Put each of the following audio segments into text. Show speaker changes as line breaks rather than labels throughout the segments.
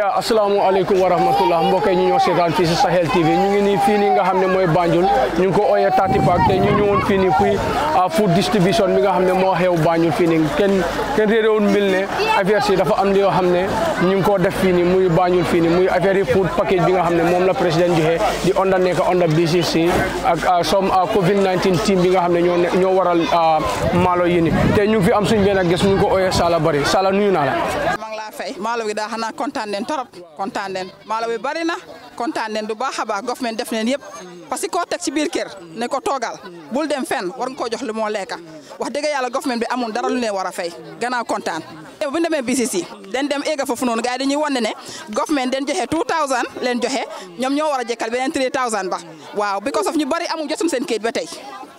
ya asalaamaaleykum wa rahmatullah mbokk ñu ñoo seetaan fii si Sahel TV ñu ngi nii fii nii nga xam ne mooy Banjul ñu ngi ko ooyee Tati Park te ñu ñëwoon fii nii fii food distribution bi nga xam ne moo xew Banjul fii nii kenn kenn réeréwul mbil ne affaire si dafa am yoo xam ne ñu ngi koo def fii nii muy Banjul fii nii muy affaire yi food bi nga xam ne moom la président joxe di onda nekk onda BCC ak som Covid 19 team bi nga xam ne ñoo ñoo waral maalo yi nii te ñu fi am suñu benn gis ñu ko ooyee Sala Bari Sala nuyu naa la.
fay maalo bi daa xanaa kontaan nañ trop kontaan nañ maalo bi bari na kontaan nañ bu baax a baax government def nañ yëpp parce que koo teg ci biir kër ne ko toogal bul dem fenn war nga koo jox li moo lekka wax dëgg yàlla government bi amul dara lu ne war fay gannaaw kontaan. bu ndeme BCC dañ dem ega fofu non gaay dañuy wan ne ne government dañ joxe 2000 len joxe ñom ño wara jekal benen 3000 ba waaw because of ñu bari amu jottum seen keet ba tey.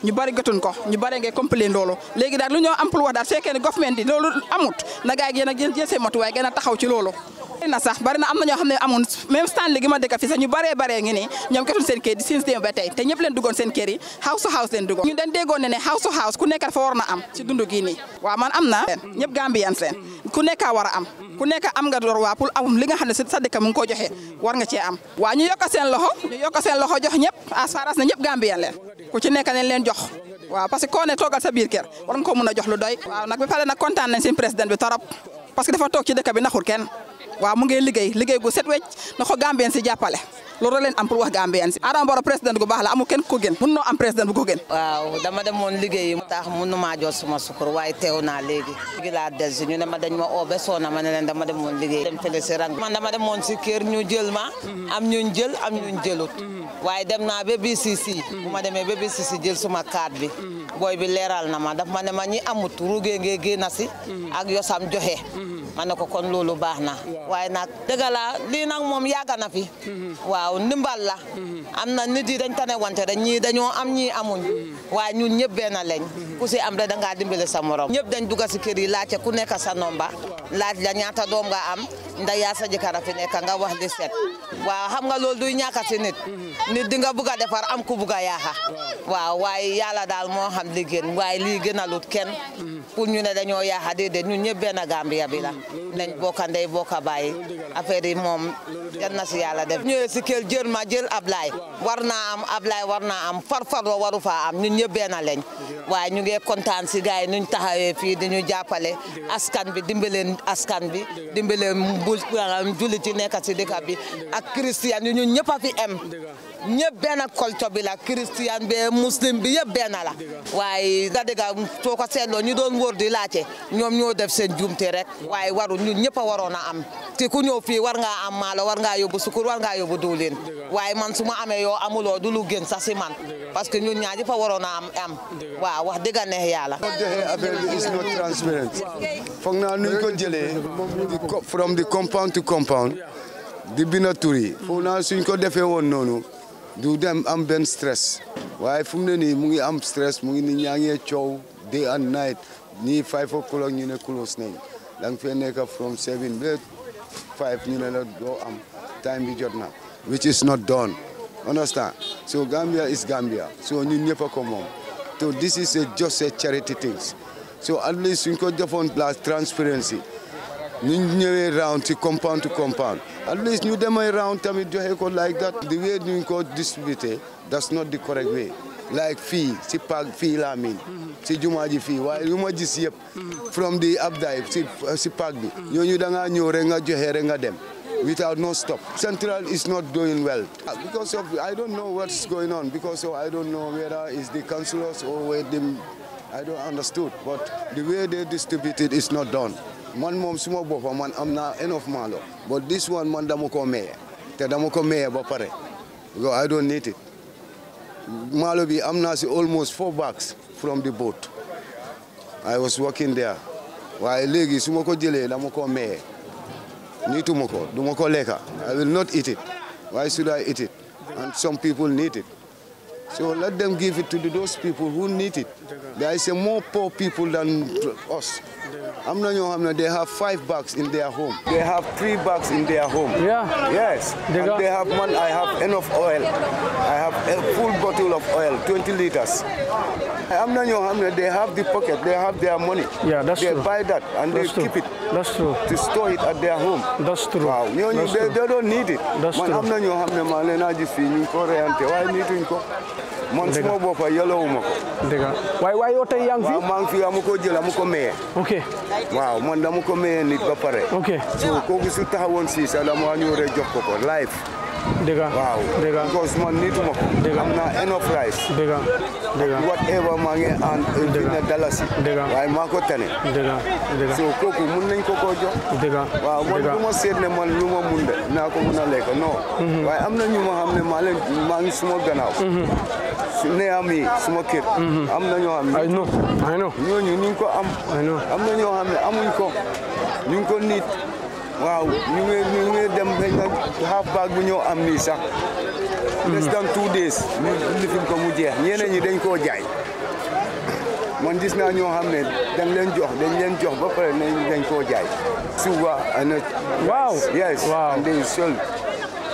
ñu bari gëtun ko ñu bari ngay complain loolu léegi daal lu ñoo am pour wax daal su fekkee ne government di lolu amut na gaay gi nak a jël seen matuwaay way gëna taxaw ci lolu na sax bari na am na ñoo xam ne amoon même stand gi ma dëkk fii ñu baree baree ngi nii ñoom jotuñ seen kër di seen démb tey te ñëpp leen duggoon seen kër yi house leen duggoon ñu dañ déggoon ne ne house to ku nekk fa war na am si dund gii man am na ñëpp Gambian seen ku nekk war a am ku nekk am nga door waa pour am li xam ne sa dëkk mu ko joxe war nga cee am waaw ñu yokk seen loxo jox ñëpp as far as na ñëpp leen ku ci nekk nañ a waaw mu ngi liggéey liggéey gu set wecc na ko Gambien si jàppale loolu leen am pour wax Gambien si Adama Barrow président gu baax la amul kenn ko gën mun noo am président bu ko gën
waaw dama demoon liggéey mu tax mun ma jot suma sukur waaye teew naa léegi léegi laa del si ñu ne ma dañ ma oo ba soo na ma ne leen dama dem demoon liggéey dem télé si rang man dama moon si kër ñu jël ma am ñu jël am ñun jëlut waaye dem naa ba BCC bu ma demee ba BCC jël suma carte bi booy bi leeral na ma daf ma ne ma ñi amut ruugee ngee génn si ak yosam joxe ma ne ko kon loolu baax na waaye nag dëgg la lii nag moom yàgg na fi mm-hmm. waaw ndimbal la mm-hmm. am na nit yi dañ tane wante rek ñii dañoo am ñii amuñ mm-hmm. waaye ñun ñëpp benn lañ ku si am rek da ngaa dimbale sa morom ñëpp dañ dugg si kër yi laajte ku nekk sa nomba laaj la ñaata doom nga am nda yaa sa jëkkër a fi nekk nga wax di set waaw xam nga loolu duy ñàkk si nit nit di nga bugg a defar am ku bugg a yaaxa waaw waaye yàlla daal moo xam li gën waaye lii gën a lut kenn pour ñu ne dañoo yaaxa déedéet ñun ñëpp benn bi la nañ bokka ndey bokka bàyyi affaire yi moom yan na si yàlla def ñëwee si kër jël ma jël Ablaye war naa am Ablaye war naa am farfaroo waru fa am ñun ñëpp benn lañ waaye ñu ngi kontaan si gars yi nuñ taxawee fii di ñu jàppale askan bi dimbaleen askan bi dimbaleen bu jullit yi nekk si dëkk bi ak christian yi ñun ñëpp a fi am ñëpp benn kolto bi la christian bi muslim bi yëpp la waaye da dëgga soo ko seetloo ñu doon wóor di laajte ñoom ñoo def seen juumte rek waaye ay waru ñun ñepp a am te ku ñow fi war nga am mal war nga yobu sukur war nga yobu diwlin waye man suma ma yo yo du lu gën sax ci man parce que ñun ñaar ñëpp a am am waaw wax dëgg neex yàlla. is not
transparent ko jëlé from the compound to compound di bina tur fogna suñ ko défé won nonu du dem am ben stress waye fu mu ne nii mu ngi am stress mu ngi ni ñaa ciow day and night ni 5 o'clock ñu ne close nañ da from seven bed, five million ñu ne la am time bi jot na which is not done understand so Gambia is Gambia so you never come ko so this is a just a charity things so at least suñ ko defoon plus transparency New ñëwee round to compound to compound at least new demay round tamit joxe ko like that the way ñu ko distribuer that's not the correct way like fee, si parc fee. laa mean, si jumaji fee. Why waaye lu ma from the Abdaye si si parc bi ñooñu da ngaa ñëw rek nga joxe them, without no stop. Central is not doing well ah, because of I don't know what's going on because of, I don't know whether it's the councillors or where them. I don't understood but the way they distributed is not done. man moom suma boppam i am not enough malo. but this one man dama ko maye I don't need it. Malawi Amnesty almost four bucks from the boat. I was working there. Why? Legi, su jile, ko jëlee dama ko maye du I will not eat it why should I eat it and some people need it so let them give it to those people who need it there is more poor people than us am na ñoo they have five bags in their home. they have three bags in their home. yeah yes. they have one. I have enough oil. I have a full bottle of oil, 20 liters. am na ñoo they have the pocket, they have their money. yeah that's true. they buy that and they keep it. that's true. to store it at their home. that's true. waaw ñooñu they don't need it. that's true man am na ñoo xam ne maa leen a gis fii man suma boppa yalawuma ko. dëgg la waaye waaye yow tey yaa ngi fi. waaw maa jël amu ko maye. ok waaw man dama ko maye nit ba pare. ok so kooku su taxawoon si sax dama ñëw rek jox ko ko live. dëgg waaw dëgg la because man niitu ma ko. dëgg la am na enough rice. dëgg la dëgg la whatever maa ngi aan. dëgg la waaye maa ko tane. dëgg la kooku mun nañ ko koo jox. dëgg la waaw man du ma seet ne man lu mun de naa ko mun a lekk non. waaye am na ñu ma xam ne maa leen maa ngi suma gannaaw. ne am yi suma kër. am na ñoo xam ne. ay ñu ko am. ko ñu ko niit. Wow! ñu ngi ñu ngi dem dañ half bag bu ñoo am less than two days ñu lifin ko mu jeex ñeneen ñi dañ koo jaay man gis naa ñoo xam ne dañ leen then dañ leen jox ba pare go koo jaay suba ana waaw yes and they sell.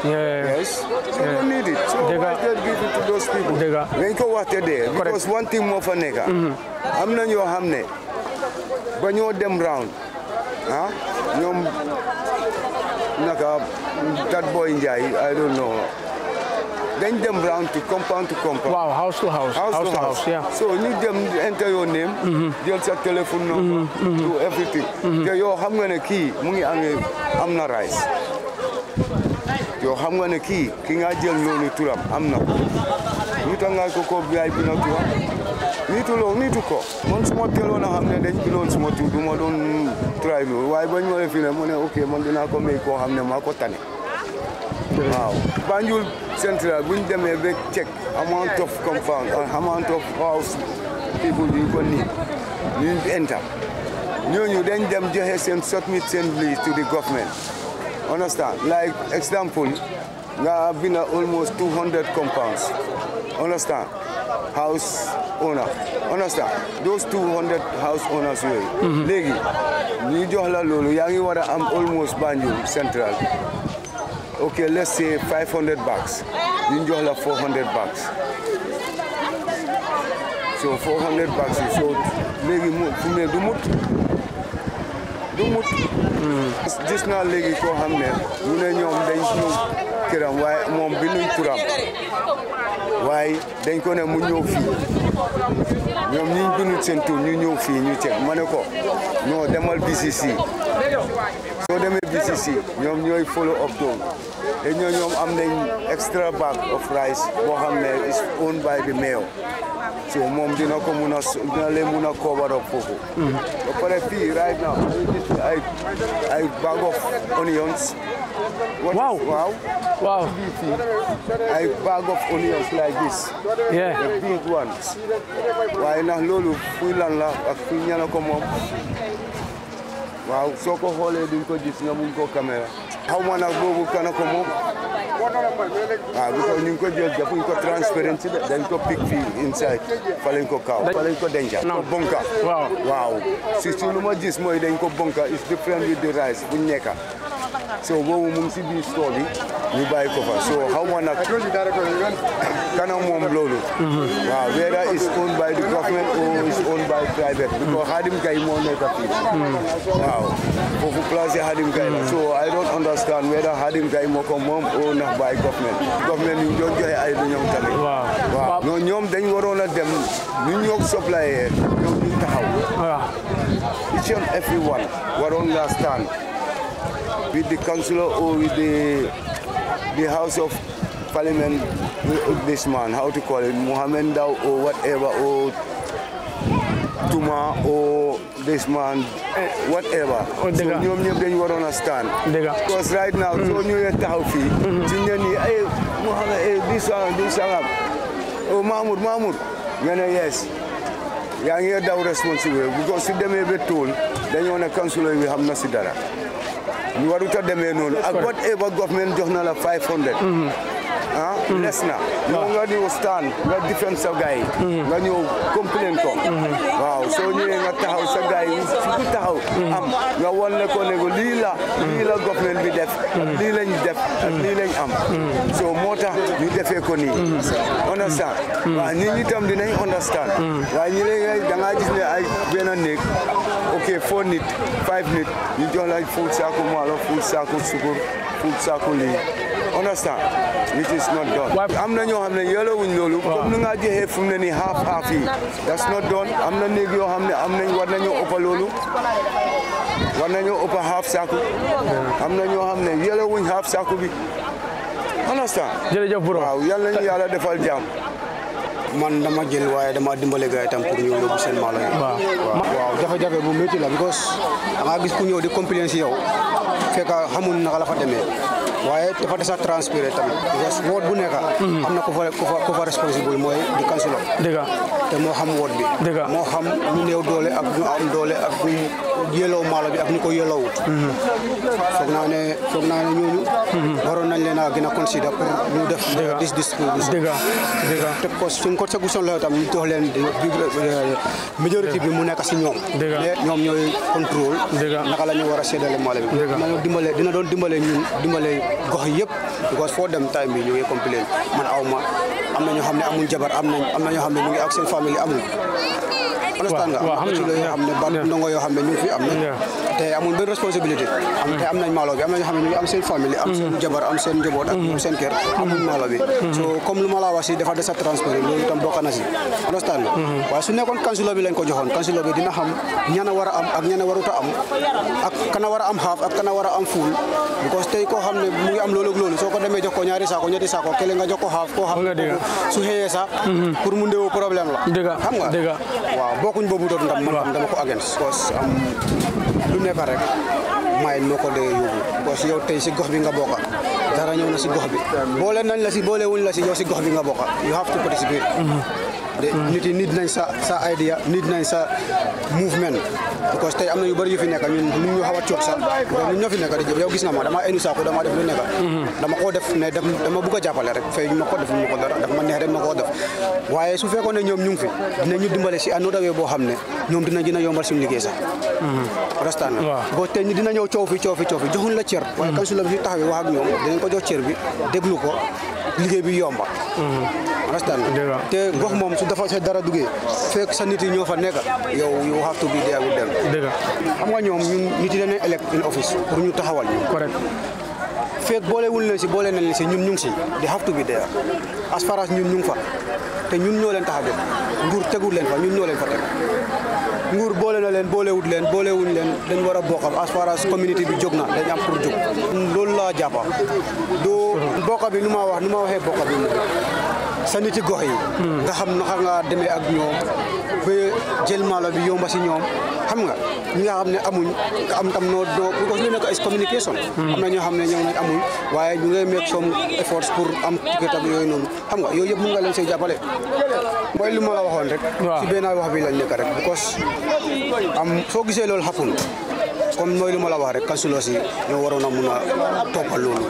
Yeah. Yes. Yeah. don't need it. So Dega. why just give it to those people? Dega. Dañ ko waxte dee. Because one thing more moo fa i mm-hmm. am not your xam ne ba ñoo dem round ah ñoom naka that boy Njai, I don't know. Then them round to compound to compound. Wow, house to house. House, house to, house. house. yeah. So you need them enter your name, mm -hmm. they your telephone number, mm -hmm. Do everything. Mm -hmm. Yo, I'm gonna key, mungi ange, I'm not rice. Yo, I'm gonna key, king ajel no ni turam, I'm not. Mutanga koko VIP na turam. niituloo niituko man su ma teeloon a xam ne dañ bindoon su ma tur du ma try loolu waaye bañ ma fi ne mu ne ok man ko may koo xam ne maa ko tane waaw Banjul Central buñ demee ba check amount of compound uh, amount of house people yu ko nii ñu enter ñooñu dañ dem joxe seen submit seen list to the government understand like example nga bina almost compounds understand house owner understand ah, those 200 house owners yooyu léegi ñu jox la loolu wada, i am almost banjo central ok let's say 500 bucks. ñu jox 400 bucks. so 400 bucks so Legi, mu fu mu ne Just now, legi mut mm. gis naa léegi koo xam ne mu ne ñoom dañ ñëw këram waaye moom ne ñoom ñi ñu bindul seen tur ñu ñëw fii ñu ceeb ma ne ko ñoo demal BCC soo demee BCC ñoom ñooy follow up doon te ñoo ñoom am nañ extra bag of rice boo xam ne is owned by the mayor So mom did not come una lemuna cover up for mm-hmm. But for the fee right now, I I bag of onions. What wow. wow. Wow.
I bag of onions like this. Yeah. The big
ones. Why na lolu fulan la akunya na come Wow, so ko hole din ko dis na mun ko camera. How man vou go kana come
waaw
ah, bu ko ñu ngi ko jël defuñ ko transparency de dañ ko pic fii inside fa lañ ko kaaw fa lañ ko denca ko bonka waaw si si lu ma gis mooy dañ ko bonka is different with the rice buñ nekka so boobu mu si biir store bi ñu bàyyi ko fa so xaw ma nag kanam moom loolu mhm. waaw whether is owned by the government or is owned by private because Hadim Kai moo nekk mhm. waaw foofu place Hadim Kai la mhm. so I don't understand whether Hadim Kai moo ko moom or ndax by government government ñu doon joxe ay ñoom tamit waaw ñoom dañ waroon a dem ñu ñoo supplier ñoom ñu taxaw each and every one waroon nga with the council or with the, the House of Parliament, this man, how to call it, Mohammed or whatever, or Tuma or this man, whatever. Oh, so you ñëpp dañu waroon a understand. because right now mm-hmm. soo ñëwee taxaw fii. suñu ne nii ay Mohammed ay eh, this one, this one. oh Mamour Mamour Yes. ne yes. yaa ngi daw responsible because su demee ba tool dañoo ne councilor bi xam na si dara. waruta demee noonu ak whatever government jox na la 500. ah les na ah. nga ñëw stand nga defend sa gars yi mm-hmm. nga ñëw complain ko mm-hmm. waaw soo ñëwee nga taxaw sa gars yi fi ku taxaw mm-hmm. am nga won ne ko ne lii government bi def lii lañ def lii lañ am so moo tax ñu defee ko nii understand waaw ñi tam ñi léegi da ngaa gis ne ay benn néeg ok four nit five nit ñu jox la fuul saaku maalo fuul saaku sukur fuul saaku lii understand which is not done am na ñoo xam ne yellowuñ comme nu ngaa joxee fu mu ne half half yi that's not done am na néeg yoo xam am nañ war nañoo ëppa loolu war nañoo ëppa half saaku am half bi understand jërëjëf
borom waaw yàlla nañu yàlla defal jàmm man dama jël waaye dama dimbale gars tam pour ñu yóbbu seen maalo waaw jafe bu because da gis ku ñëw di complain si yow fekk xamul waaye dafa des a transpirer tamit parce que woot bu nekk mhm. am na fa ku fa responsable mooy di kansulo dëgg te moo xam woot bi dëgg moo xam ñu néew doole ak ñu am doole ak ñu yeloo maalo bi ak ñu ko yelowut mhm. foog naa ne foog naa ne ñooñu mhm. waroon nañ leen a gën a consider pour ñu def dis distribution dëgg dëgg te ko suñ ko solution la tam ñu jox leen majorité bi mu nekk si ñoom mais ñoom ñooy contrôle naka la ñu war a bi dina doon dimbale ñun dimbale gox yëpp because foo dem time bi ñu ngi complain man aw ma am na ñoo xam ne amuñ jabar am nañ am na ñoo xam ne ñu ngi ak seen famille amul understand nga am na ci lay am ne ban ya. ndongo yoo ya, xam ne ñu fi am na ya. te amul benn responsabilité am jabar am seen njaboot ak seen kër amuñ so comme lu ma desa transport yi loolu itam bokk na si understand nga hmm. waaye su nekkoon kansilo bi lañ ko joxoon kansilo bi dina xam ñana war a am ak ñana waruta am ak kana because tey koo xam ne mu ngi am loolu ak loolu soo ko demee jox ko ñaari saako ñetti saako kele nga jox ko xaaf koo xam su xëyee bokkuñ boobu doon ndam man dama ko against parce que am lu nekk rek maay noo ko dee yóbbu parce que yow tey si gox bi nga bokka dara ñëw na si gox bi boole nañ la si boole wuñ la si yow si gox bi nga bokka you have to participate mm-hmm. de nit yi nit nañ sa sa idea nit nañ sa movement because te am na yu bëri yu fi nekk ñun ñu xaw a coog sax fi nekk di yow gis na ma dama enu saako dama def lu nekk mhm. dama koo def mais dama bëgg a jàppale rek fay ñu ma ko def ñu ma ko ma neex rek koo def waaye su fekkoon ne ñoom ñu ngi fi dinañu dimbale si another way boo xam ne ñoom dinañ gën a yombal suñu liggéey sax mhm. restant na because tey nit dina ñëw coow fi coow fi coow fi joxuñ la cër waaye mhm. kan su la fi taxawee wax ak ñoom dinañ ko jox cër bi déglu ko liggéey bi yomba mm-hmm. understand te gox moom su dafa sa dara duggee fekk sa nit yi ñoo fa nekk yow you have to be there with them xam nga ñoom ñun nit yi dañuy office pour ñu taxawal ñu correct fekk boole wul leen si boole nañ leen si ñun ñu ngi si they have to be there as far as ñun ñu fa te ñun ñoo leen tax a nguur tegul leen fa ñun ñoo leen fa teg leen boolewut leen boolewuñ leen dañ war a bokkam as far as communauté bi jóg na dañ am pour jóg loolu laa jàppa doo bokka bi nu ma wax nu ma waxee bokka bi sa niti gox yi hmm. nga xam naka nga demee ak ñoom ba jël maalo bi yomba si ñoom xam nga ñi nga xam ne amuñ am tam noo doo because lu nekk is communication hmm. am na ñoo xam ne ñoom nañ amuñ waaye ñu ngay meeg soom efforts pour am ticket ak yooyu noonu xam nga yooyu yëpp mën nga leen see jàppale mooy li ma la waxoon rek. waaw si naa wax bi lañ nekk rek because am soo gisee loolu xapul comme mooy lu ma la wax rek kansulo si ñoo waroon a mun a toppal loolu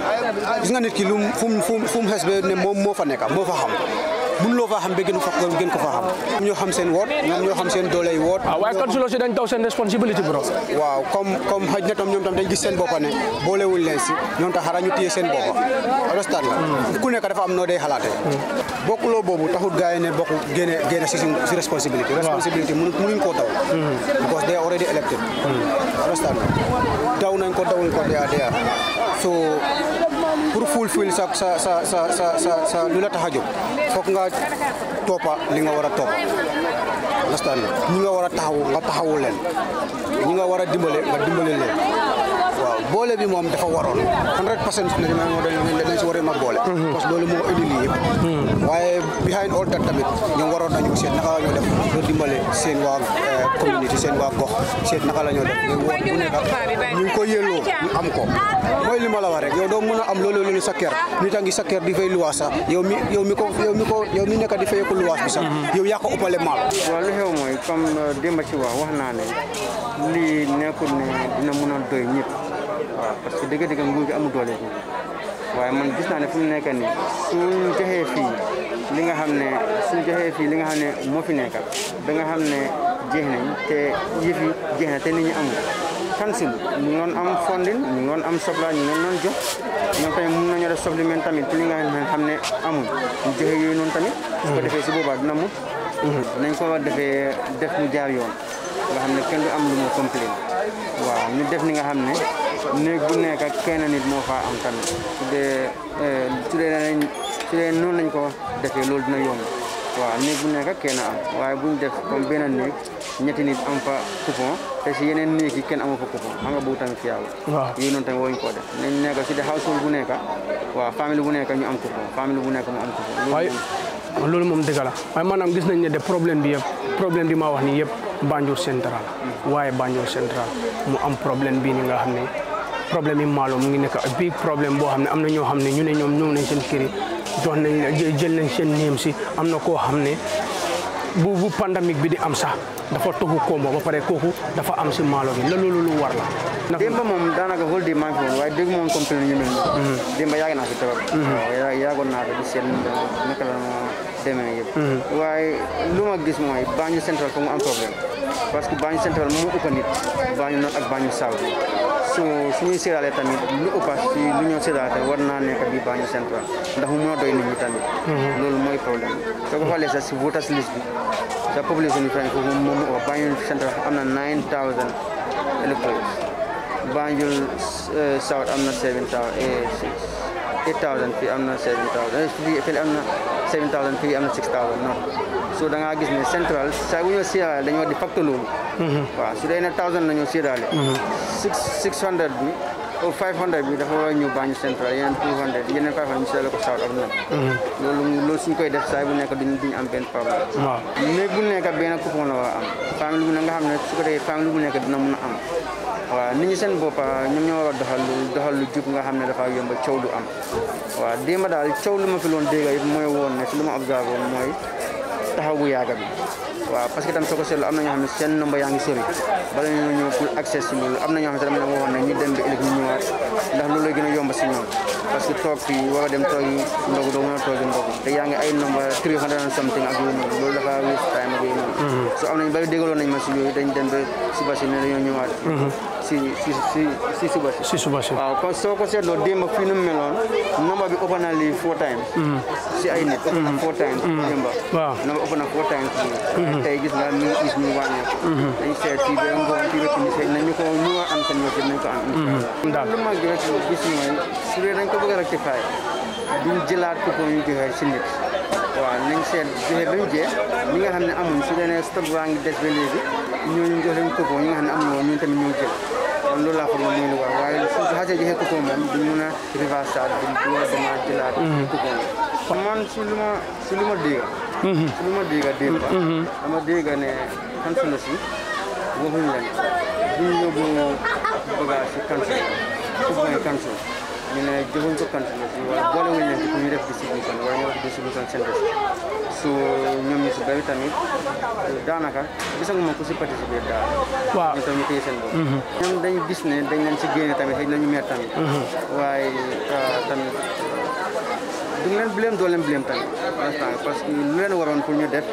gis nga nit ki lu fu mu fu mu xes ne moom moo fa nekk moo fa xam. mun loo faa xam ba gën fa gën ko faa xam ñoom ñoo xam seen woot ñoom ñoo xam seen doole yi woot ah, waaye kon su si dañ taw seen responsibility bro waaw comme comme xëj na tam ñoom tam dañ gis seen boppa ne boolewuñ leen si ñoom tax xara ñu téye seen boppa restat la hmm. ku nekk dafa am noo day xalaate hmm. bokkuloo boobu taxut gars yi ne bokk génne génne si si responsibility responsibility mënuñ koo daw hmm. because they already elected restat la daw nañ ko dawuñ ko dia dia. so pour fulfil sa sa sa sa sa sa lu la tax a jóg foog nga toppa li nga war a toppa understand ñi nga war a taxawu nga taxawu leen ñi nga war a dimbale nga dimbale leen boole bi moom dafa waroon hundred percent ne dañ si war a mën a boole mm-hmm. parce que loolu moo indi lii yëpp mm-hmm. waaye behind all tamit ñoom waroon nañu seet naka la dem def pour dimbale seen waa eh, community seen waa gox seet naka la ñoo def ñu woot ñu ngi ko yelloo ñu am ko mooy li ma la wax rek yow doo mën a am loolu loolu sa kër nit a ngi sa kër di fay luwaas sax yow mi yow mi ko yow mi ko yow mi nekk di fay ko luwaas bi sax mm-hmm. yow yaa ko ëppale maal waaw xew mooy
comme euh, démb si wax wax naa ne lii nekkul ne dina mën a doy ñëpp parce que dëgg-dëgg nguur gi amul doole waaye man gis naa ne fu mu nekk nii suñ joxee fii li nga xam ne suñ joxee fii li nga xam ne moo fi nekkal da nga xam ne jeex nañ te yëf yi jeex na te ñu am fondin ñu ngi doon am sobla ñu ngi doon jox ñoom tamit mun nañoo tamit ci nga xam ne amul ñu joxe yooyu noonu tamit su ko defee si boobaat na mut nañ ko war defee def mu jaar yoon nga xam ne kenn du am lu mu complain waaw ñu def ni nga xam ne néeg bu nekk ak kenn nit moo fa am tamit su dee su dee nañ su dee noonu lañ ko defee loolu dina yomb waaw néeg bu nekk ak kenn am waaye buñ def comme benn néeg ñetti nit am fa coupon te si yeneen néeg yi kenn amu coupon xam nga boobu tamit fiyaawul waaw yooyu noonu tamit waruñ koo def nañ nekk su dee household bu nekk waaw famille bu nekk ñu am coupon famille bu nekk mu am coupon
loolu moom dëgg la waaye maanaam gis nañ ne de problème bi yëpp problème bi ma wax ni yëpp Banjul Central waaye Banjul Central mu am problème bii ni nga xam problème yi Malo mu ngi nekk ak big problème boo xam ne am na ñoo xam ne ñu ne ñoom ñëw nañ seen kër yi nañ jël nañ seen néem si am na koo xam ne bu bu pandémique bi di am sax dafa toxu kombo ba pare kooku dafa am si Malo bi la loolu lu war la. ndax démb moom daanaka vol
di manqué woon waaye dégg moom complet mhm. naa fi trop. Mhm. waaw naa fi seen naka mhm. waaye lu gis mooy Banjul Central fa mu am problème parce que Banjul Central moo ëpp nit Banjul North ak Banjul South. su suñuy séddaale tamit lu ëpp si lu ñoo séddaale tamit war naa nekk bi Banjul Central ndax mu mën a doy nit ñi tamit mhm. loolu mooy problème soo ko xoolee sax si voters list bi sa population bi fenn foofu moom moo ëpp Central am na 9000 électeurs Banjul South am na 7000 am na 7,000 fii am na 7,000 eh, fii am na 6,000 so da ngaa gis ne central saa yu ñu séddale dañoo di factoloolu mhm. waaw su dee ne thousand la ñu séddale mhm. six six hundred bi au oh, five hundred bi dafa war a ñëw baañu central yeneen two hundred yeneen five hundred ñu séddale ko south ak noonu mhm. loolu loolu nekk duñ duñu benn problème waaw mais la war a am famille bu ne nga xam ne su ko defee famille bu nekk dina mun a am waaw nit ñi seen bopp ah, ñoom ñoo war a doxal lu doxal lu jub nga xam ne dafa yomb coow du am waaw démb daal coow lu fi loon dégg yëpp mooy woon ne si lu ma observé mooy taxaw bu yàgg bi waaw parce que tam soo seetlu am na ñoo xam ne seen nombre yaa ngi sori bala ñu ñëw pour accès loolu am na ñoo xam ne ñu dem ba ëllëg ñu ñëwaat ndax loolu lay gën a yomb si ñoom parce que toog fi war a dem toog yi ndogu doo mën a te yaa ngi ay nombre 300 and something ak yooyu loolu dafa wér time ak yooyu noonu mm-hmm. so am si si si suba si. si suba si waaw soo ko seetloo démb fii nu mu meloon nomba bi ëpp na lii four times. Mm-hmm. si ay nit. Mm-hmm. four times démb. Mm-hmm. waaw nomba ëpp na four times bi. tey gis nga mi ngi gis ñu wàññeeku. dañu seet fii ba ngoon fii ba nañu ko ñu war am tamit nañu ko am. daal lu ko bëgg a rectifier duñ jëlaat ko ñu joxe waaw nañ seet joxe ba mu jeex ñi nga xam ne amuñ si dee ne stock baa ngi des ba léegi ñooñu jox leen coupon ñi nga xam ne amuñu woon ñun tamit ñoo jël kon loolu laa ko moom mooy lu war waaye su xasee joxe coupon moom du mun a reversé duñ a demaat jëlaat mhm. coupon bi man si lu ma si lu ma dégg mhm. si lu ma dégg dégg ba mhm. dama dégg ne kansula si waxuñ leen duñ yóbbu bagage si kansula coupon yi ñu ne jëfuñ ko continuer fii wala boolewuñ leen ci pour ñu def distribution wala ñu su ñoom ñu si bëri tamit daanaka gisaguma ku si participer daal. waaw ñu tamit ñu téye seen mm-hmm. dañ leen si génne tamit xëy na ñu meer tamit. Mm-hmm. waaye ah, tamit du leen bileem leen bileem tamit parce que lu leen waroon pour ñu def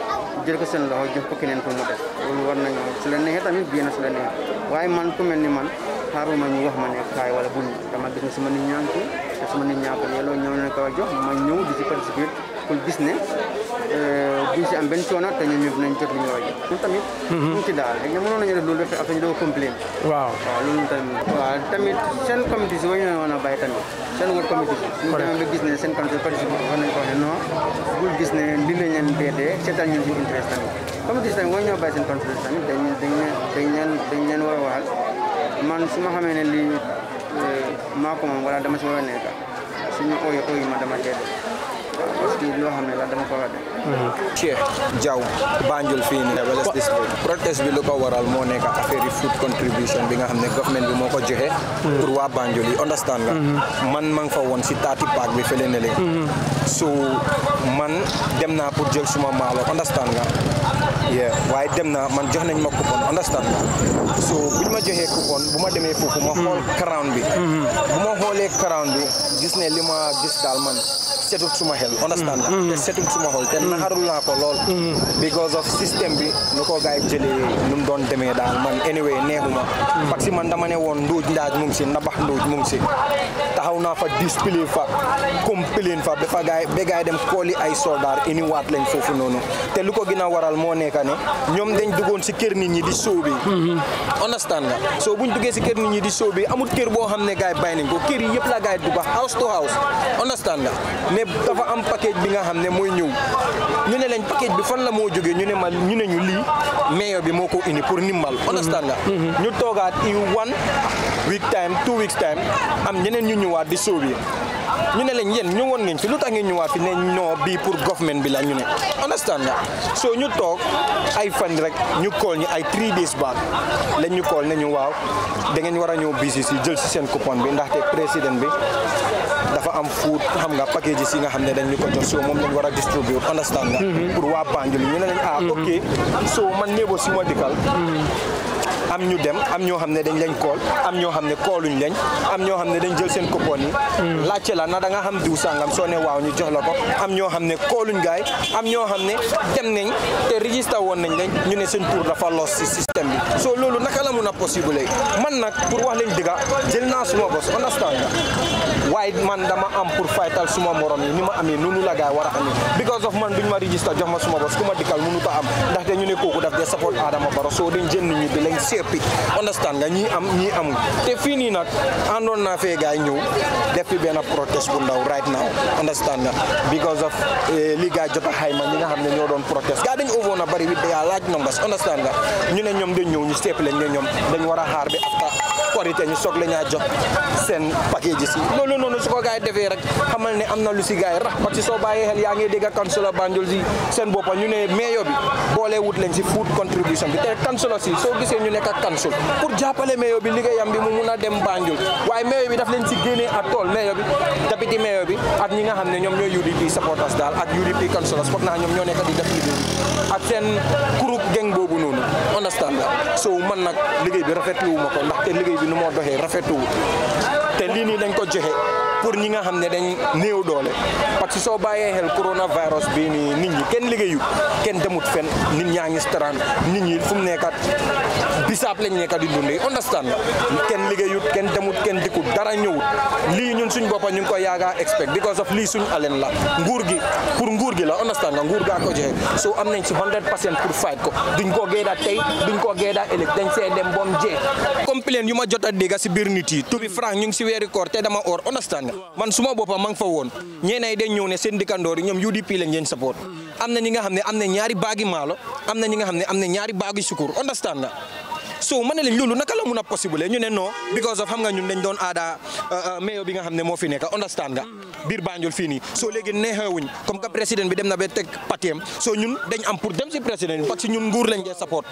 jël ko seen loxo jox ko mu def loolu war nañu su leen neexee tamit génn su leen neexee waaye man ku mel ni man. haru ñu wax ma ne kaay wala buñ dama gis ne sama nit ñaa ngi te sama nit ñaa ko ne loolu ñoo ne ko jox ma ñëw di ci participer pour gis ne buñ ci am benn coono te ñëpp nañ jot li ñu ñun tamit ñu mhm. ci daal léegi mënoon nañu def loolu def après ñu doo complain waaw waaw ah, loolu ah, tamit waaw tamit seen comité si wañu na a bàyyi tamit seen wër comité si ñu demee ba gis ne seen comité participer wax nañ ko ne non bul gis ne li ñu tamit comité si tamit wañu ñoo seen tamit dañ dañ man su ma xamee ne lii eh, maa ko moom wala dama si war a nekk su ñu ooyee ooyuma dama cee def ci
loo xam ko war a def. fii nii wala protest bi lu ko waral moo nekk affaire yi food contribution bi nga xam ne government bi moo ko joxe. pour waa Banjul yi understand la. man maa ngi fa woon si taati paak bi fële ne leen. so man dem naa pour jël suma maalo understand la. waaye dem naa man jox nañ ma coupon understand nga so buñ ma joxee coupon bu ma demee foofu ma xool crown bi mm-hmm. bu ma xoolee crown bi gis ne li ma gis daal man setul suma xel understand la mm-hmm. te setul suma xol te mm-hmm. naxarul naa ko lool mm-hmm. because of système bi nu ko gaay jëlee nu mu doon demee daal man anyway neexuma parce que man dama ne woon nduuj ndaaj mu ngi si ndabax nduuj mu ngi si taxaw naa fa display fa complain fa ba fa gaay ba gaay dem kooli ay soldaar ini waat lañ foofu noonu te lu ko gën waral moo nekk ne ñoom dañ duggoon si kër nit ñi di sóobi understand la soo buñ duggee si kër nit ñi di sóobi amul kër boo xam n gaay bay nañ ko yëpp la gaay dugg house to house understand la mais dafa am paquet bi nga xamné ne ñew ñu ne lañ paquet bi fan la mo joggé ñu ne ma ñu ne ñu li mayo bi moko ko indi pour ndimbal mhm. understand nga mhm. ñu togaat i one week time two weeks time am ñeneen ñu ñëwaat di sóobi ñu ne yeen ñu won ngeen fi lutax ngeen ñëwaat fi ne no bi pour government bi la ñu ne understand nga so ñu tok ay fan rek ñu call ñu ay 3 days back lañ ñu call ne ñu waaw da ngeen wara a ñëw BCC jël ci seen coupon bi té président bi dafa am food xam nga package yi nga xam ne dañ ñu ko jox so moom lañ war a distribute understand nga mm-hmm. pour waa Banjul ñu ne leen ah mm-hmm. ok so man néegoo si ma dikkal mm-hmm. am ñu dem am ñoo xam ne dañ leen kool am ñoo xam ne kooluñ leen am ñoo xam ne dañ jël seen coupon yi hmm. laajte la na da nga xam diw sàngam soo ne waaw ñu jox la ko am ñoo xam ne kooluñ gaay am ñoo xam ne dem nañ te registré woon nañ leen ñu ne seen tur dafa los si système bi soo loolu naka la mun a possible man nag pour wax leen dëgga jël naa suma bos understand waaye man dama am pour faytal suma morom yi ni ma amee noonu la gaay war a amee because of man duñ ma registré jox ma suma ta am ndaxte ñu ne kooku daf dee support Adama Barrow soo dañ jël nit ñi bi yëpp it understand nga ñii am ñii amul te fii nii nag àndoon fee gaay ñëw def fi benn protest bu ndaw right now understand nga because of eh, li gaay jot a xayma ñi nga xam ne ñoo doon protest gaay dañ ovoon a bari wit da laaj numbers understand nga ñu ne ñoom dañ ñëw ñu sepp leen ne ñoom dañ war a xaar bi after korité ñu soog la ñaa jox seen package non non non su ko gaay défé rek xamal né amna lu ci gaay rax ba ci so baye xel ya ngay dégg kansula banjul si Sen boppa ñu né meyo bi bolé wut leen ci food contribution bi té kansula si So gisé ñu nekk ak kansul pour jappalé meyo bi am bi mu mëna dem banjul waye meyo bi daf leen ci gëné ak tol meyo bi député meyo bi ak ñi nga xamné ñom ñoy UDP supporters dal, ak UDP councillors foog na ñom ñoo nekk di def liggéey ak sen groupe gang boobu noonu understand so man nak ligay bi rafetlu wu te liggéey bi nu moo doxee rafetuwul te lii nii dañ ko joxe pour ñi nga xam ne dañ néew doole parce que soo bàyyee xel coronavirus bii nii nit ñi kenn liggéeyu kenn demut fen nit ñaa ngi strand nit ñi fu mu nekkat bisaab lañ nekk di dundee understand kenn liggéeyut kenn demut kenn ñu ngi koy yaaga expect because of lii suñ aleen gi la understand nga nguur gaa ko joxe so am nañ si 100 percent fight ko duñ koo geeda tey duñ koo geeda ëllëg dañ see dem bom jee complain yu ma jot a dégg si biir yi tubi franc ñu ngi si weeri koor te dama or understand nga man suma boppa ma ngi fa woon ñeenay dañ ñëw ne seen dikkandoor yi ñoom UDP lañ leen support am na ñi ne am na ñaari baagi maalo am na ñi nga xam am na ñaari baagi sukur understand nga so ma ne leen loolu naka la mun a possible ñu ne non because of xam nga ñun dañ doon aada euh, euh, mayo bi nga xam ne moo fi nekk understand nga mm-hmm. biir Banjul fii nii soo léegi neexewuñ comme que président bi dem na ba teg patiem soo ñun dañ am pour dem si président bi parce que ñun nguur lañ dee support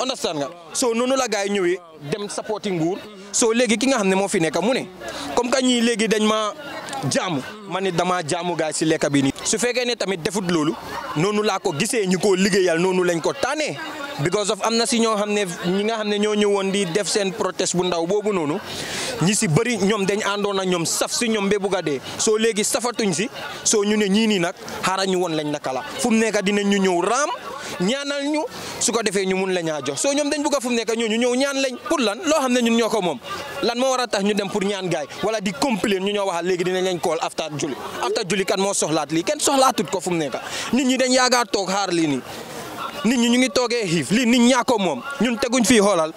understand nga so noonu la gars yi ñëwee dem supporti nguur so léegi ki nga xam ne moo fi nekk mu ne comme que ñii léegi dañ ma jaamu ma ne damaa jaamu gaay si lekka bi ni su fekkee ne tamit defut loolu noonu laa ko gisee ñu ko liggéeyal noonu lañ ko tànnee because of am na si ñoo xam ne ñi nga xam ne ñoo ñëwoon di def seen protest bu ndaw boobu noonu ñi si bëri ñoom dañ àndoon ak ñoom saf si ñoom ba bugg a dee soo léegi safatuñ si soo ñu ne ñii nii nag xaaral ñu woon lañ naka la fu mu nekk dinañ ñu ñëw raam ñaanal ñu su defee ñu mun la jox soo ñoom dañ bugg a fu mu nekk ñoo ñu ñëw ñaan lañ pour lan loo xam ne ñun ñoo ko moom lan moo war a tax ñu dem pour ñaan gaay wala di complain ñu ñoo waxal léegi dina lañ kool after juli after juli kan moo soxlaat lii kenn soxlaatut ko fu mu nekk nit ñi dañ yaagaa toog xaar nit ñi ñu ngi toogee xiif lii nit ñaa ko moom ñun teguñ fii xoolal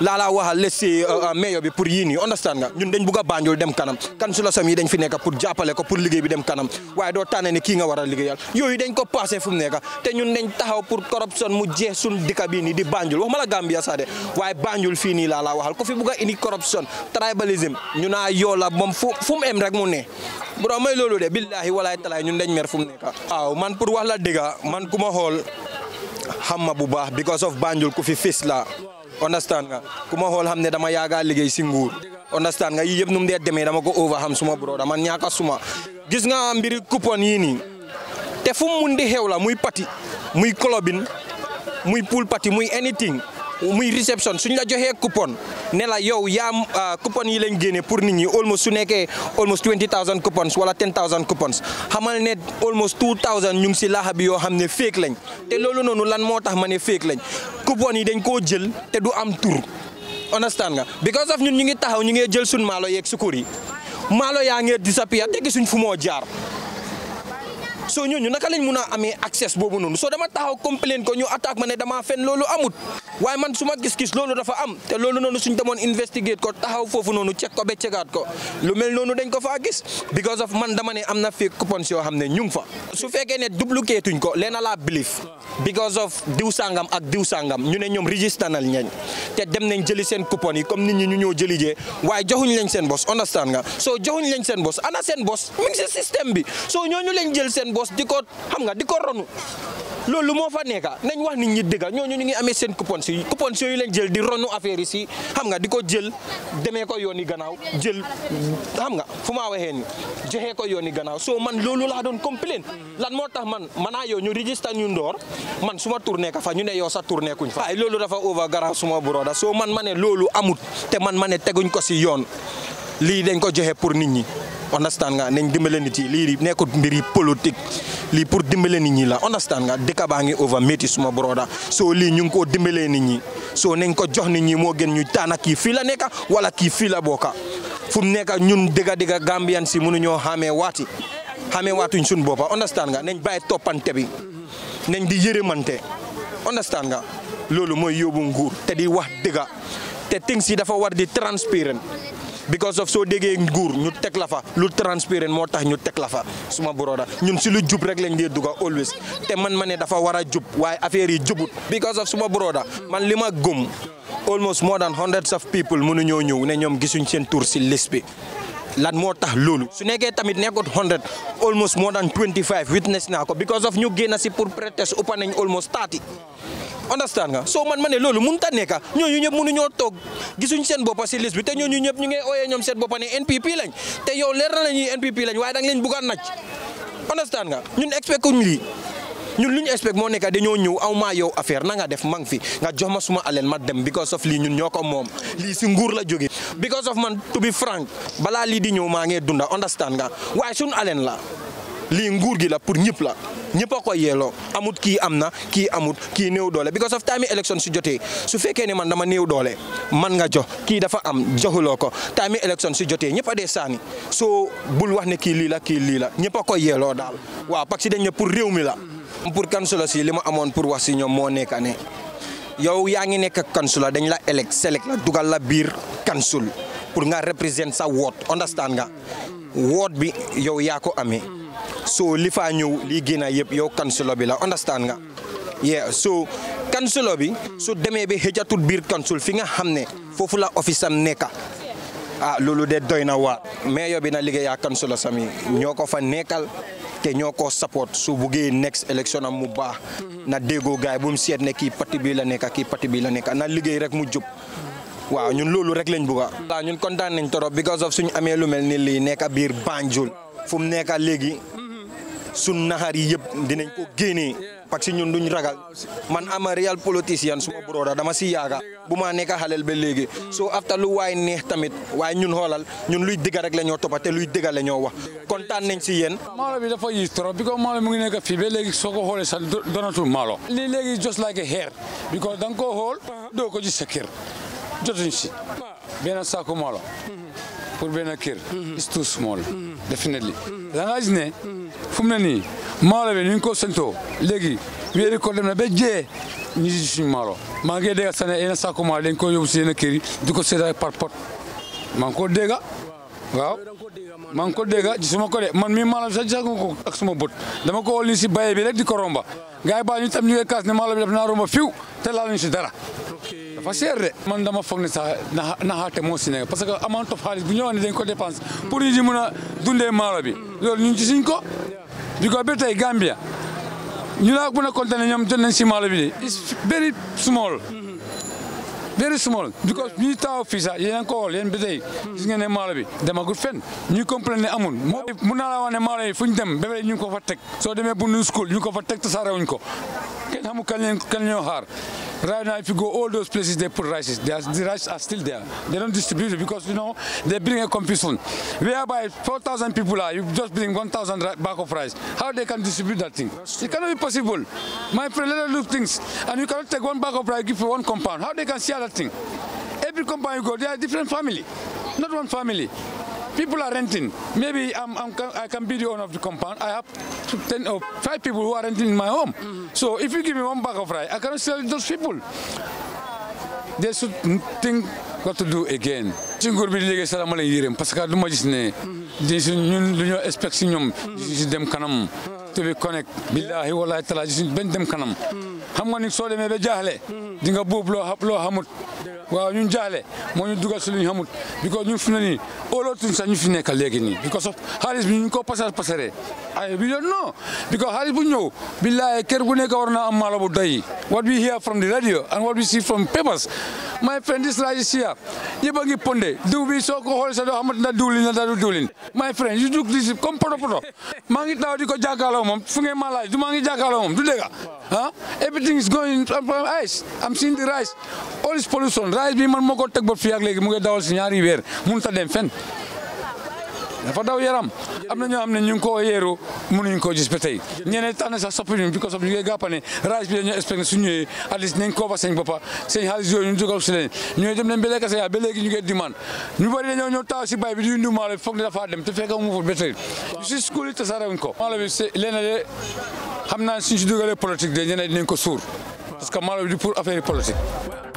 laalaa waxal les si meyo bi pour yii nii understand nga ñun dañ bugg a Banjul dem kanam kan su yi dañ fi nekk pour jàppale ko pour liggéey bi dem kanam waaye doo tànne ne kii nga war a liggéeyal yooyu dañ ko passé fu mu nekk te ñun dañ taxaw pour corruption mu jeex suñ dëkk bii ni di Banjul wax ma la Gambia sax de waaye Banjul fii nii laalaa waxal ko fi bugg a indi corruption tribalism ñu naa yoola moom fu fu mu em rek mu ne bro mooy loolu de billahi walaay talaay ñun dañ mer fu mu nekk waaw man pour wax la dëgg man ku ma xool xam ma bu baax because of Banjul ku fi fis la understand nga ku ma xool xam ne dama yaaga liggéey si nguur understand nga yii yëpp dee demee dama ko over xam suma broda man ñaaka suma gis nga mbiri coupon yii nii te fu mu mun di xew muy pati muy kolobin muy pool pati muy anything muy réception suñu la joxee coupon ne la yow yaa euh, coupon yi lañ génne pour nit ñi almost su nekkee almost 20000 coupons wala 10000 coupons xamal ne almost 2000 ñu ngi si laaxa bi xam ne fake lañ te loolu noonu lan moo tax ma ne fake lañ coupon yi dañ koo jël te du am tur understand nga because of ñun ñu ngi taxaw ñu ngi jël suñ maalo yeeg sukkur yi maalo yaa ngi disappear te gisuñ fu moo jaar. soo ñooñu naka lañ mun a amee accès boobu noonu soo dama taxaw complain ko ñu attaque ma ne damaa fen loolu amut waaye man su gis-gis loolu dafa am te loolu noonu suñ demoon investigate ko taxaw foofu noonu cek ko ba cegaat ko lu mel noonu dañ ko faa gis because of man dama ne am na fake coupons yoo xam ne ñu ngi fa su fekkee ne dupliquetuñ ko leena laa believe because of diw sangam ak diw sangam ñu ne ñoom register nal ñañ te dem nañ jëli seen coupon yi comme nit ñi ñu ñëw jëli jee waaye joxuñ lañ seen bos understand nga soo joxuñ lañ seen jël seen bos bos di xam nga di ko ronu loolu moo fa nekka nañ wax nit ñi dëgga ñooñu ñi ngi amee seen coupons yi coupons yooyu leen jël di ronu affaire yi si xam nga di ko jël demee ko yoon yi gannaaw jël xam nga fu ma waxee ni joxee ko yoon yi ganaaw soo man loolu laa doon complain lan moo tax man manaa yow ñu registre ñu ndoor man suma tournée ka fa ñu ne yow sa tournée kuñ fa ay loolu dafa over garaaw suma broda soo man ma loolu amut te man ma ne teguñ ko si yoon lii dañ ko joxe pour nit ñi understand nga nañ dimbale nit yi lii nekkul mbiri politique lii pour dimbale nit ñi la understand nga dëkk baa ngi over métti suma broda so lii ñu ngi koo dimbalee nit ñi so nañ ko jox nit ñi moo gën ñu taana kii fii la nekka wala kii fii la bokka fu mu nekka ñun dëgga dëgga Gambian si mënu mënuñoo xamee waati xamee waatuñ suñ boppa understand nga nañ bàyyi toppante bi nañ di yërëmante understand nga loolu mooy yóbbu nguur te di wax dëgga te things yi dafa war di transparent because of soo déggee nguur ñu teg fa lu transparent moo tax ñu teg la fa suma broda ñun si lu jub rek lañ dee duga always te man ma ne dafa war a jub waaye affaire yi jubut because of suma broda man li ma gëm almost more than hundreds of people mënuñoo ñëw ne ñoom gisuñ seen tour si liste bi lan moo tax loolu su nekkee tamit nekkut 100 almost more than 25 witness naa ko because of ñu génn si pour protest uppa nañ almost 30 understand nga soo man ma ne loolu mënut a nekk ñooñu ñëpp mënuñoo toog gisuñ seen boppa si liste te ñooñu ñëpp ñu ngi ooyee ñoom seen boppa ne NPP lañ te yow leer na la ñuy NPP lañ waaye da nga leen bugg a naaj understand nga ñun expectuñ lii ñun luñu expect mo nekk dañu ñew awma yow affaire na nga def mang fi nga jox ma suma ma dem because of li ñun ñoko mom li ci la jóge because of man to be frank bala li di ñew ma ngee dunda understand nga way suñu alen la li nguur gi la pour ñep la ñep ko yeeloo amut ki amna ki amut ki néew doole because of time election su joté su fekkee ni man dama néew doole man nga jox ki dafa am joxuloko time election su joté ñep adé sani so bul wax ne ki li la ki li la ñep ko dal wa parce que dañ ne pour rewmi la pour Kansula si li ma amoon pour wax si ñoom moo nekk ne yow yaa ngi nekk Kansula dañ la élect select la dugal la biir Kansul pour nga représente sa woot understand nga woot bi yow yaa ko amee so li fa ñëw lii génn yëpp yow Kansula bi la understand nga yeah so Kansulo bi su demee bi xëjatul biir Kansul fi nga xam ne foofu la office am nekka ah loolu de doy na waar mais yow bi na liggéeyaa Kansulo sami ñoo ko fa nekkal. te ñoo ko support su buggee next election am mu baax na déggoo gaay bu mu seet ne kii parti bi la nekk kii parti bi la nekk na liggéey rek mu jub waaw ñun loolu rek lañ bugga waaw ñun kontaan nañ torop because of ñu amee lu mel ni lii nekk biir Banjul fu mu nekk léegi mm-hmm. suñ naxar yi yëpp dinañ ko génnee parce que ñun duñ ragal man am a real politicien suma broda dama si yaaga bu maa nekk xaleel ba léegi soo afta lu waay neex tamit waaye ñun xoolal ñun luy dëgg rek
la ñoo te luy dëgg la wax kontaan nañ si yéen maalo bi dafa yiis trop maalo mu ngi nekk fii ba léegi soo ko xoolee sax donatul maalo lii léegi just like a hair bi da nga xool doo ko gis sa kër jotuñ si benn saako maalo pour benn kër it's too small definitely la nga maalo bi ni ngi ko sentoo léegi weeri ko dem na ba jee ñu si suñu maa ngi dégg sa ne yéen a saako maalo dañ ko yóbbu si yéen a kër yi di ko seetaay par pot maa ngi ko dégg waaw maa ngi ko dégg ko man mi maalo bi sax gisaguma ak suma bët dama ko wol ni si baye bi rek di ko romba gars yi baa ñu tam ñu ngi kaas ne maalo bi daf naa romba fiw te laal ñu si dara dafa cher man dama foog ne sax naxaate moo si nekk parce que amaan tof xaalis bu ñëwoon ne dañ ko dépense pour ñu di mën a dundee maalo bi loolu ñun gisuñ Because better Gambia. You know, I'm going to contain them, it's very small. very small because ñuy taw officer. sax yéen ko xool yéen bi tey gis ngeen ne maalo bi demagul fenn ñuy complain ne amul moo mun naa la wax ne maalo yi fu ñu dem bébé ñu ngi ko fa teg soo demee bu nu school ñu ngi ko fa teg tasaarewuñ ko kenn xamul kan leen kan ñoo xaar Right now, if you go all those places, they put rice. They are, the rice are still there. They don't distribute it because, you know, they bring a confusion. Whereby 4,000 people are, you just bring 1,000 bag of rice. How they can distribute that thing? It cannot be possible. My friend, let us look things. And you cannot take one bag of rice, give for one compound. How they can share another thing. Every company you go, there are different family, not one family. People are renting. Maybe I'm, I'm, i can be the owner of the compound. I have ten or five people who are renting in my home. Mm -hmm. So if you give me one bag of rice, I cannot sell those people. They should think got to do again. ci nguur di liggéey sax dama lay yërëm parce que du ma gis ne. di suñ ñun lu ñu expect si ñoom. di si dem kanam. to be connect billahi wallahi taala di suñ dem kanam. xam nga ni soo demee ba jaaxle. di buub loo loo waaw ñun jaaxle moo ñu dugal si lu ñu xamut because ñun nii óolootuñ sax nekk léegi nii because of xaalis bi ñu ko pasar pasaree ay bi yoon non because xaalis bu ñëw billaahi kër gu nekk war naa am maalo bu doy what we hear from the radio and what we see from papers my friend this large here yëpp a ngi ponde diw bi soo ko na di ko jàkkaarloo moom fu ngeen ma laaj du maa ngi jàkkaarloo moom du dégg ah everything is going I'm seeing the rise all is pollution raay bi man moo ko teg ba fii ak léegi mu ngi dawal si ñaari weer mënut a dem fenn dafa daw yaram am na ñoo xam ne ñu ngi koo yeeru mënuñu koo gis ba tey ñeneen tax na sax soppiñu bi ko soppi ñu ngi gàpp ne raaj bi dañoo expecté suñu ñëwee at least nañ koo ba seen boppa seen xaalis yooyu ñu dugal si leen ñu ngi demande ñu bëri dañoo ñëw taw si bay bi duñu dumaale foog ne dafa dem te fekk mu fa ba tey si school yi tasaarewuñ ko maalo bi leen de xam naa si